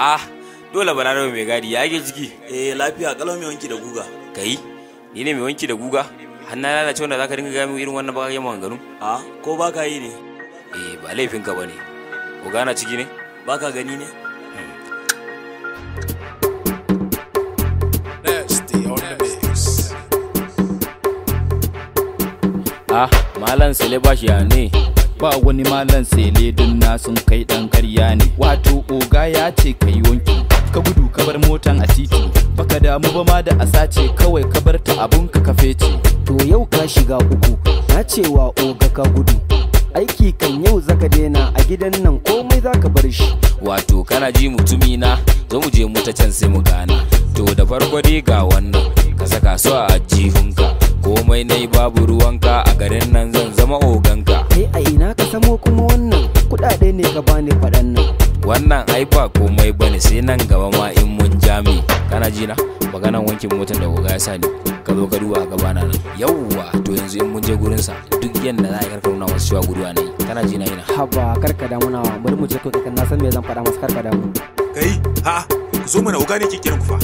ah dole balarabe mai gadi ya ke jiki eh lafiya kalau mai wanki da guga kai ni ne mai wanki da guga Hanna na lalace wanda zaka dinga gami irin wannan baka yamma ganu a ah, ko baka yi ne eh ba laifin ka ne. ko gana ciki ne baka gani ne hmm. Ah, Malam Sele shi ne. ba wani malan sele ledin na sun kai dan karya ne wato oga ya ce kai wanki ka gudu ka bar motan a titi baka damu ba ma da asace kawai ka bar ta abun ka kafe ce to yau ka shiga uku na cewa oga ka gudu aiki kan yau zaka daina a gidan nan komai zaka bar shi wato kana ji mutumi na zo mu je mu ta can sai mu gana to da farko dai ga wannan ka saka su a ajihunka komai nai babu ruwanka a garin nan zan zama ogan wannan ai ba komai bane sai nan gaba ma in mun jami kana ji na maganan wankin motar da goga ya sani. ni ka zo ka duba gaba na nan yawwa to yanzu in mun je gurin sa duk yanda za a karka nuna masu cewa guduwa ne kana ji na ina haba karka damu na bari mu je ko kakan na san me zan faɗa masa karka damu kai ha ku zo mana uga ne ke kiran ku fa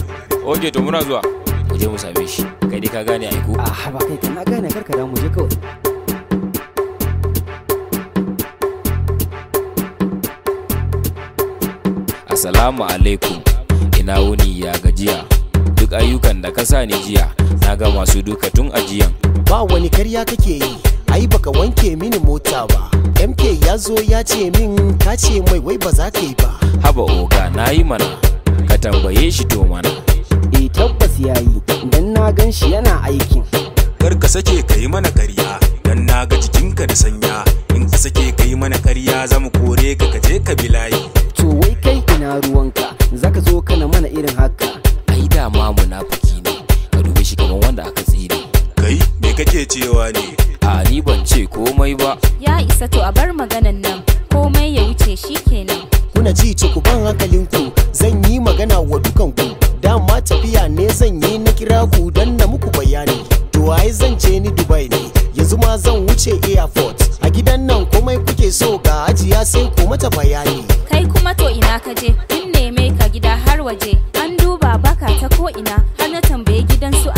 oke to muna zuwa mu je mu same shi kai dai ka gane aiko a ah, haba kai kana gane karka damu je kawai Assalamu alaikum ina wuni ya gajiya duk ayyukan da ka sa ni jiya na ga masu duka tun ajiyan ba wani karya kake yi ai baka wanke mini mota ba MK ya zo ya ce min ka ce mai wai ba za ka yi ba haba oga na yi mana ka tambaye shi to mana eh tabbas yayi idan na gan shi yana aikin kar ka sake ka kake cewa ne a ni ban ce komai ba ya isa to a bar maganan nan komai ya wuce shi shikenan kuna ji ce ku ban ku zan yi magana wa dukan ku dama tafiya ne zan yi na kira ku don na muku bayani to ai zan ce ni dubai ne yanzu ma zan wuce airport a gidan nan komai kuke so ga ajiya sai ku mata bayani kai kuma to ina ka je in neme ka gida har waje an duba baka ta ko ina har na tambaye gidan su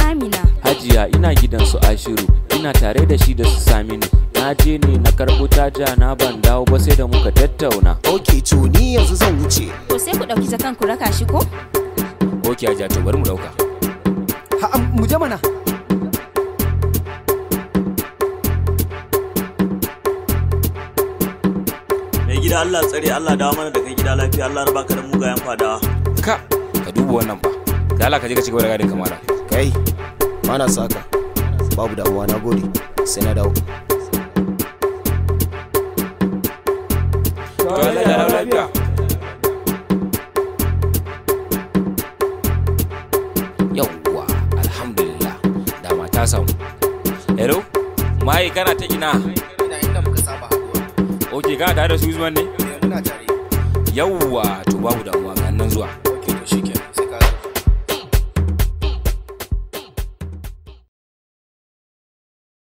ina gidan su ashiru ina tare da shi da su sami ni na je ne na karɓo taja na ban dawo ba sai da muka tattauna ok to ni yanzu zan wuce to sai ku ɗauki jakan ku raka shi ko ok aja to bari mu ɗauka ha mu je mana mai gida Allah tsare Allah dawo mana da kai gida lafiya Allah ya baka da mugayen fadawa ka ka dubo wannan fa da Allah ka je ka cigaba da gadin kamala kai mana na saka babu damuwa na gode sai na dawo yauwa alhamdulillah dama ta samu hello mai kana ta ina oke kana tare da su ne eh, yauwa to babu damuwa ga nan zuwa ok to shikenan